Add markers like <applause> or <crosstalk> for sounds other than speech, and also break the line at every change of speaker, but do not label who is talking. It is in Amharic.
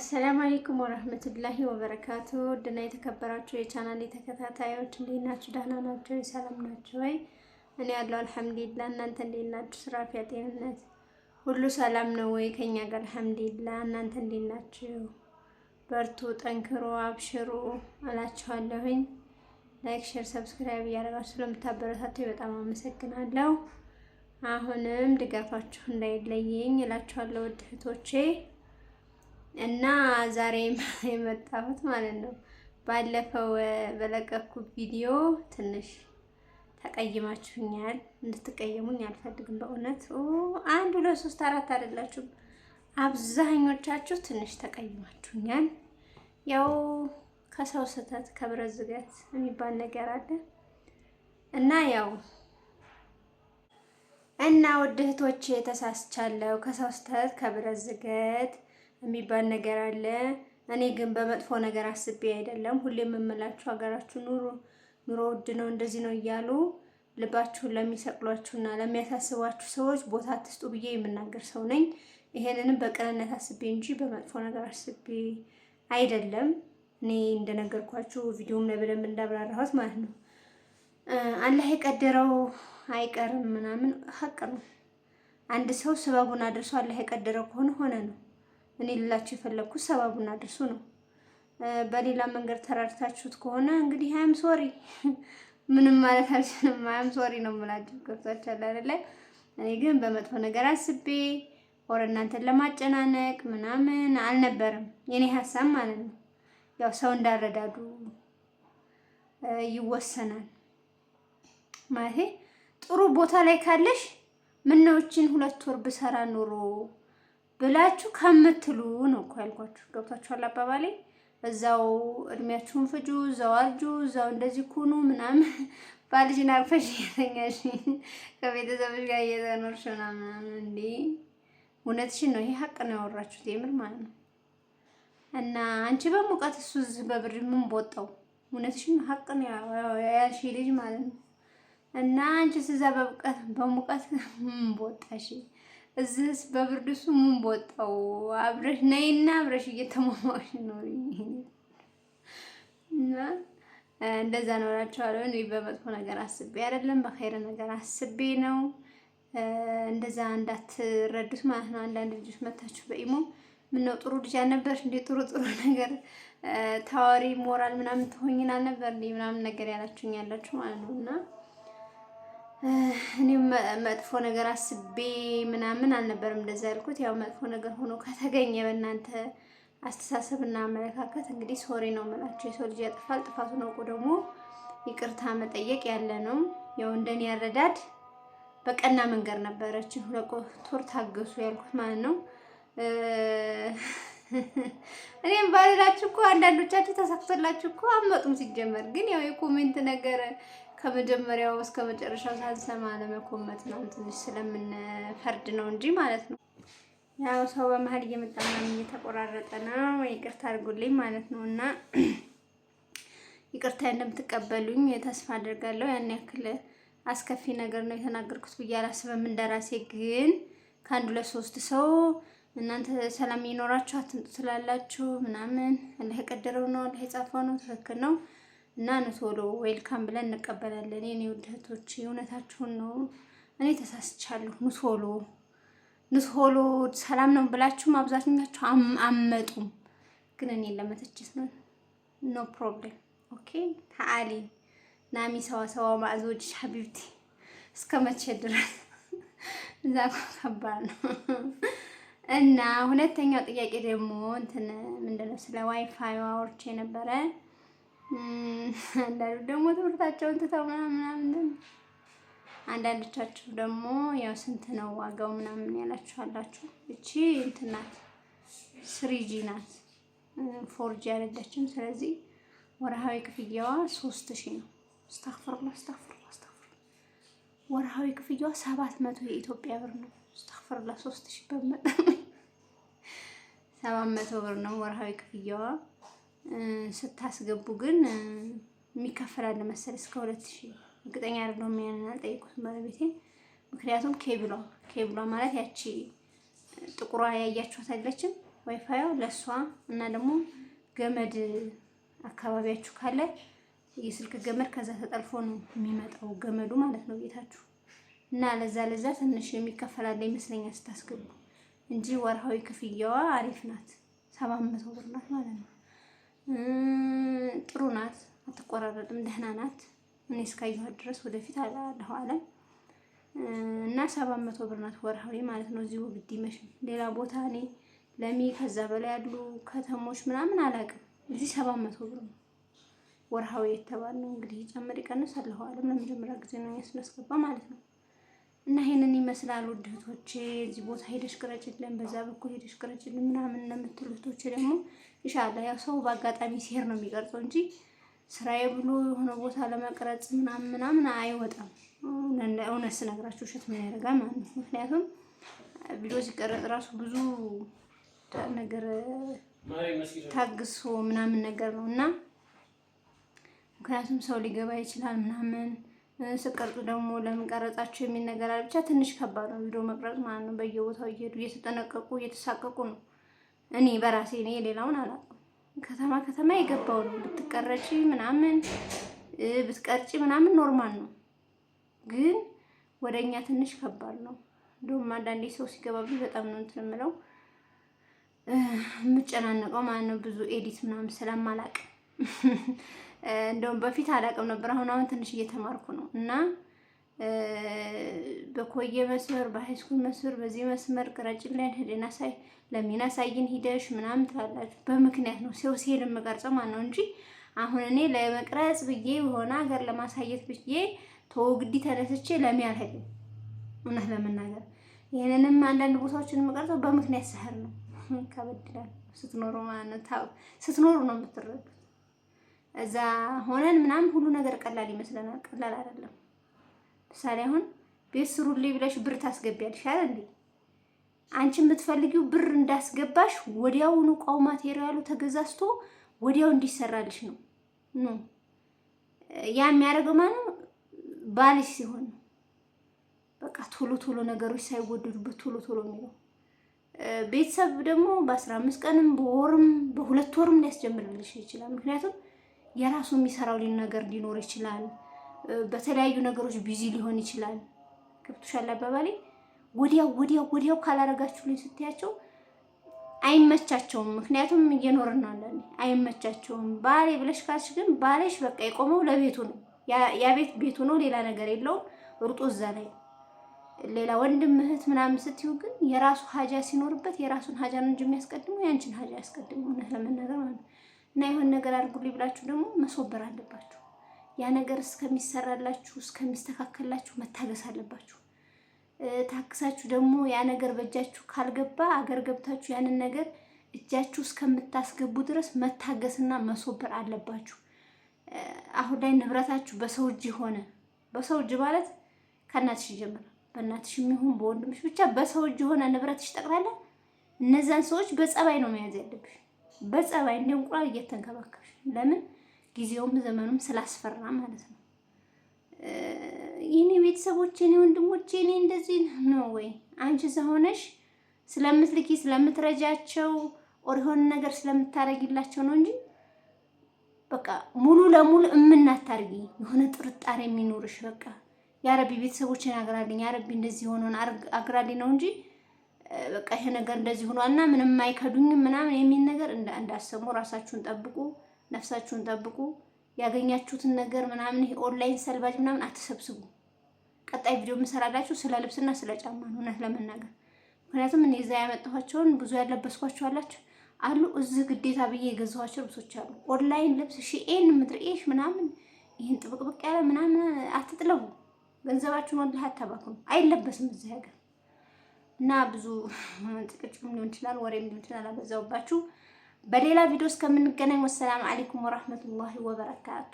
አሰላሙ አለይኩም ወረህመቱላሂ ወበረካቱ ድና የተከበራችሁ የቻናሌ ተከታታዮች እንዴት ናችሁ? ደህና ናቸው? ሰላም ናችሁ ወይ? እኔ ያለው አልሐምዱሊላህ። እናንተ እንዴት ናችሁ? ስራፊያ ጤንነት ሁሉ ሰላም ነው ወይ? ከኛ ጋር አልሐምዱሊላህ። እናንተ እንዴት ናችሁ? በርቱ፣ ጠንክሮ አብሽሩ እላችኋለሁኝ። ላይክ፣ ሼር፣ ሰብስክራይብ እያደረጋችሁ ስለምታበረታቱ በጣም አመሰግናለሁ። አሁንም ድጋፋችሁ እንዳይለየኝ እላችኋለሁ ውድ እህቶቼ እና ዛሬ <laughs> የመጣሁት ማለት ነው ባለፈው በለቀኩት ቪዲዮ ትንሽ ተቀይማችሁኛል። እንድትቀየሙኝ አልፈልግም። በእውነት አንድ ሁለት ሶስት አራት አይደላችሁም። አብዛኞቻችሁ ትንሽ ተቀይማችሁኛል። ያው ከሰው ስህተት ከብረት ዝገት የሚባል ነገር አለ እና ያው እና ውድ እህቶቼ ተሳስቻለሁ። ከሰው ስህተት ከብረት ዝገት የሚባል ነገር አለ። እኔ ግን በመጥፎ ነገር አስቤ አይደለም። ሁሌም የምላችሁ ሀገራችሁ ኑሮ ኑሮ ውድ ነው እንደዚህ ነው እያሉ ልባችሁን ለሚሰቅሏችሁና ለሚያሳስቧችሁ ሰዎች ቦታ አትስጡ ብዬ የምናገር ሰው ነኝ። ይሄንንም በቅንነት አስቤ እንጂ በመጥፎ ነገር አስቤ አይደለም። እኔ እንደነገርኳችሁ ቪዲዮም ላይ በደንብ እንዳብራራሁት ማለት ነው። አላህ የቀደረው አይቀርም ምናምን ሀቅ ነው። አንድ ሰው ስበቡን አድርሶ አላህ የቀደረው ከሆነ ሆነ ነው። እኔ ልላችሁ የፈለግኩት ሰበቡን አድርሱ ነው። በሌላ መንገድ ተራድታችሁት ከሆነ እንግዲህ አይም ሶሪ ምንም ማለት አልችልም። አይም ሶሪ ነው የምላችሁ። ገብቷችኋል አይደለ? እኔ ግን በመጥፎ ነገር አስቤ ወር እናንተን ለማጨናነቅ ምናምን አልነበረም የኔ ሀሳብ ማለት ነው። ያው ሰው እንዳረዳዱ ይወሰናል ማለት ጥሩ ቦታ ላይ ካለሽ ምነው ይችን ሁለት ወር ብሰራ ኑሮ ብላችሁ ከምትሉ ነው እኮ ያልኳችሁ። ገብቷችኋል አባባሌ? እዛው እድሜያችሁን ፍጁ፣ እዛው አርጁ፣ እዛው እንደዚህ ኩኑ ምናምን <laughs> ባልሽን አቅፈሽ እየተኛሽ <laughs> ከቤተሰብሽ ጋር እየተኖርሽ ምናምን እንዴ! እውነትሽን ነው። ይሄ ሀቅ ነው ያወራችሁት የምር ማለት ነው። እና አንቺ በሙቀት እሱ እዚህ በብር ምን ቦጣው? እውነትሽን ሀቅ ነው ያልሽ ልጅ ማለት ነው። እና አንቺ ስዛ በሙቀት <laughs> ምን ቦጣሽ? እዚህስ በብርድሱ ምን ቦጣው አብረሽ ነይና አብረሽ እየተሟሟሽ ነው እና እንደዛ ነው እላቸዋለሁ። እኔ በመጥፎ ነገር አስቤ አይደለም በኸይር ነገር አስቤ ነው። እንደዛ እንዳትረዱት ማለት ነው። አንዳንድ ልጆች መታችሁ በኢሞ ምነው ጥሩ ልጅ አልነበረሽ እንዴ? ጥሩ ጥሩ ነገር ታዋሪ ሞራል ምናምን ትሆኝን አልነበር እንዴ? ምናምን ነገር ያላችሁኝ ያላችሁ ማለት ነው እና እኔም መጥፎ ነገር አስቤ ምናምን አልነበርም እንደዛ ያልኩት። ያው መጥፎ ነገር ሆኖ ከተገኘ በእናንተ አስተሳሰብና አመለካከት እንግዲህ ሶሪ ነው የምላቸው። የሰው ልጅ ያጠፋል፣ ጥፋቱን ነውቁ ደግሞ ይቅርታ መጠየቅ ያለ ነው። ያው እንደኔ ያረዳድ በቀና መንገድ ነበረችን። ሁለት ወር ታገሱ ያልኩት ማለት ነው። እኔም ባልላችሁ እኮ አንዳንዶቻችሁ ተሳክቶላችሁ እኮ አመጡም። ሲጀመር ግን ያው የኮሜንት ነገር ከመጀመሪያው እስከ መጨረሻው ሳንሰማ ለመኮመት ነው ትንሽ ስለምንፈርድ ነው እንጂ ማለት ነው። ያው ሰው በመሀል እየመጣ ምናምን እየተቆራረጠ ነው። ይቅርታ አድርጉልኝ ማለት ነው እና ይቅርታ እንደምትቀበሉኝ ተስፋ አድርጋለሁ። ያን ያክል አስከፊ ነገር ነው የተናገርኩት ብዬ አላስብም። እንደራሴ ግን ከአንዱ ለሶስት ሰው እናንተ ሰላም ይኖራችሁ አትንጡ ስላላችሁ ምናምን አላህ የቀደረው ነው አላህ የጻፈው ነው ትክክል ነው። እና ቶሎ ዌልካም ብለን እንቀበላለን። የኔ ውድህቶች እውነታችሁን ነው። እኔ ተሳስቻለሁ። ንቶሎ ንቶሎ ሰላም ነው ብላችሁም አብዛኛችሁ አመጡም፣ ግን እኔ ለመተችት ነው። ኖ ፕሮብሌም ኦኬ። ተአሊ ናሚ ሰዋሰዋ ማዕዞች ሀቢብቲ እስከ መቼ ድረስ እዛ ከባድ ነው። እና ሁለተኛው ጥያቄ ደግሞ እንትን ምንድነው ስለ ዋይፋይ አውርቼ ነበረ አንዳንዱ ደግሞ ትምህርታቸውን ትተው ምናምን ምናምን፣ አንዳንዶቻችሁ ደግሞ ያው ስንት ነው ዋጋው ምናምን ያላችሁ አላችሁ። እቺ እንትን ናት፣ ስሪጂ ናት፣ ፎርጂ አይደለችም። ስለዚህ ወርሃዊ ክፍያዋ ሶስት ሺ ነው። አስታፍርላ አስታፍርላ አስታፍርላ። ወርሃዊ ክፍያዋ ሰባት መቶ የኢትዮጵያ ብር ነው። አስታፍርላ ሶስት ሺ በመጠ <laughs> ሰባት መቶ ብር ነው ወርሃዊ ክፍያዋ። ስታስገቡ ግን የሚከፈላለ መሰል እስከ ሁለት ሺህ እርግጠኛ አይደለሁም። ያንን አልጠየኩትም ባለቤቴን። ምክንያቱም ኬብሏ ኬብሏ ማለት ያቺ ጥቁሯ ያያችኋት አይደለችም ዋይፋዩ ለእሷ እና ደግሞ ገመድ አካባቢያችሁ ካለ የስልክ ገመድ ከዛ ተጠልፎ ነው የሚመጣው ገመዱ ማለት ነው ቤታችሁ እና ለዛ ለዛ ትንሽ የሚከፈላለ ይመስለኛል ስታስገቡ እንጂ ወርሃዊ ክፍያዋ አሪፍ ናት። ሰባት መቶ ብር ናት ማለት ነው። ጥሩ ናት፣ አትቆራረጥም፣ ደህና ናት። እኔ እስካየኋት ድረስ ወደፊት አላለሁ እና ሰባት መቶ ብር ናት ወርሃዊ ማለት ነው። እዚሁ ግድ ይመሽም ሌላ ቦታ እኔ ለሚ ከዛ በላይ ያሉ ከተሞች ምናምን አላውቅም። እዚህ ሰባት መቶ ብር ነው ወርሃዊ የተባለው። እንግዲህ ጨምር ይቀንስ አለሁ አለም ለመጀመሪያ ጊዜ ነው ያስነስገባ ማለት ነው። እና ይሄንን ይመስላሉ እህቶቼ። እዚህ ቦታ ሄደሽ ቅረጭልን፣ በዛ በኩል ሄደሽ ቅረጭልን ምናምን ለምትሉ ደግሞ ይሻላ። ያው ሰው በአጋጣሚ ሲሄድ ነው የሚቀርጸው እንጂ ስራዬ ብሎ የሆነ ቦታ ለመቅረጽ ምናምን ምናምን አይወጣም። እውነት ስነግራችሁ ውሸት ምን ያደርጋል ማለት ነው። ምክንያቱም ቪዲዮ ሲቀረጽ ራሱ ብዙ ነገር ታግሶ ምናምን ነገር ነው እና ምክንያቱም ሰው ሊገባ ይችላል ምናምን ስቀርጡ ደግሞ ለምቀረጻቸው የሚል ነገር አለ። ብቻ ትንሽ ከባድ ነው ቪዲዮ መቅረጽ ማለት ነው። በየቦታው እየሄዱ እየተጠነቀቁ እየተሳቀቁ ነው። እኔ በራሴ እኔ ሌላውን አላውቅም። ከተማ ከተማ የገባው ነው። ብትቀረጪ ምናምን ብትቀርጪ ምናምን ኖርማል ነው፣ ግን ወደኛ ትንሽ ከባድ ነው። እንደውም አንዳንዴ ሰው ሲገባብኝ በጣም ነው እንትን የምለው የምጨናነቀው ማለት ነው ብዙ ኤዲት ምናምን ስለማላውቅ እንደውም በፊት አላቅም ነበር። አሁን አሁን ትንሽ እየተማርኩ ነው እና በኮየ መስመር በሃይስኩል መስመር በዚህ መስመር ቅረጭን ላይ ሄደና ሳይ ለሚና ሳይን ሂደሽ ምናምን ትላላችሁ። በምክንያት ነው ሰው ሲሄድ የምቀርጸው ማን ነው እንጂ አሁን እኔ ለመቅረጽ ብዬ የሆነ ሀገር ለማሳየት ብዬ ተወግዲ ተነስቼ ለሚ አልሄድም። እውነት ለመናገር ይህንንም አንዳንድ ቦታዎችን የምቀርጸው በምክንያት ስህር ነው። ከበድላል ስትኖሩ ማለት ስትኖሩ ነው የምትረዱት። እዛ ሆነን ምናምን ሁሉ ነገር ቀላል ይመስለናል። ቀላል አይደለም። ምሳሌ አሁን ቤት ስሩልኝ ብለሽ ብር ታስገቢያለሽ አይደል እንዴ? አንቺ የምትፈልጊው ብር እንዳስገባሽ ወዲያውኑ እቃው ማቴሪያሉ ተገዛዝቶ ወዲያው እንዲሰራልሽ ነው። ኑ ያ የሚያደርገው ማነው? ባልሽ ሲሆን በቃ ቶሎ ቶሎ ነገሮች ሳይወደዱበት ቶሎ ቶሎ የሚለው ቤተሰብ ደግሞ በአስራ አምስት ቀንም በወርም በሁለት ወርም ሊያስጀምርልሽ ይችላል። ምክንያቱም የራሱ የሚሰራው ነገር ሊኖር ይችላል። በተለያዩ ነገሮች ቢዚ ሊሆን ይችላል። ገብቶሻል አባባሌ? ወዲያው ወዲያው ወዲያው ካላረጋችሁ ካላረጋችሁልኝ ስትያቸው አይመቻቸውም። ምክንያቱም እየኖርን ነው አለን፣ አይመቻቸውም። ባሌ ብለሽ ካልሽ ግን ባሌሽ በቃ የቆመው ለቤቱ ነው። ያ ቤት ቤቱ ነው፣ ሌላ ነገር የለውም። ሩጦ እዛ ላይ ሌላ ወንድም እህት ምናምን ስትዩ ግን የራሱ ሀጃ ሲኖርበት የራሱን ሀጃ ነው እንጂ የሚያስቀድመው ያንቺን ሀጃ ያስቀድመው እውነት ለመናገር ማለት ነው። እና የሆነ ነገር አድርጉልኝ ብላችሁ ደግሞ መስወበር አለባችሁ። ያ ነገር እስከሚሰራላችሁ እስከሚስተካከላችሁ መታገስ አለባችሁ። ታክሳችሁ ደግሞ ያ ነገር በእጃችሁ ካልገባ አገር ገብታችሁ ያንን ነገር እጃችሁ እስከምታስገቡ ድረስ መታገስና መሶበር አለባችሁ። አሁን ላይ ንብረታችሁ በሰው እጅ ሆነ። በሰው እጅ ማለት ከእናትሽ ይጀምራል። በእናትሽ የሚሆን በወንድምሽ ብቻ በሰው እጅ የሆነ ንብረትሽ ጠቅላላ እነዛን ሰዎች በጸባይ ነው መያዝ ያለብሽ። በጸባይ እንደ እንቁላል እየተንከባከብሽ ለምን ጊዜውም ዘመኑም ስላስፈራ ማለት ነው። የኔ ቤተሰቦች፣ የኔ ወንድሞች፣ የኔ እንደዚህ ነው ወይ አንቺ እዛ ስለምትልኪ ስለምትረጃቸው ኦር የሆነ ነገር ስለምታረጊላቸው ነው እንጂ በቃ ሙሉ ለሙሉ እምናታርጊ የሆነ ጥርጣሬ የሚኖርሽ በቃ የአረቢ ቤተሰቦችን አግራልኝ አረቢ እንደዚህ የሆነውን አግራልኝ ነው እንጂ በቃ ይሄ ነገር እንደዚህ ሆኗልና ምንም አይከዱኝም ምናምን የሚል ነገር እንዳሰሙ ራሳችሁን ጠብቁ፣ ነፍሳችሁን ጠብቁ። ያገኛችሁትን ነገር ምናምን ይሄ ኦንላይን ሰልባጅ ምናምን አትሰብስቡ። ቀጣይ ቪዲዮ የምሰራላችሁ ስለ ልብስና ስለ ጫማ ነው፣ እውነት ለመናገር ምክንያቱም እኔ እዛ ያመጣኋቸውን ብዙ ያለበስኳቸው አላችሁ አሉ እዚህ ግዴታ ብዬ የገዛኋቸው ልብሶች አሉ። ኦንላይን ልብስ ሺኤን ምድርኤሽ ምናምን ይህን ጥብቅብቅ ያለ ምናምን አትጥለቡ። ገንዘባችሁን ወላሂ አታባክኑ። አይለበስም እዚህ ሀገር እና ብዙ <laughs> ጭቅጭቅም ሊሆን ይችላል፣ ወሬም ሊሆን ይችላል። አበዛውባችሁ። በሌላ ቪዲዮ እስከምንገናኝ ወሰላም አለይኩም ወራህመቱላሂ ወበረካቱ።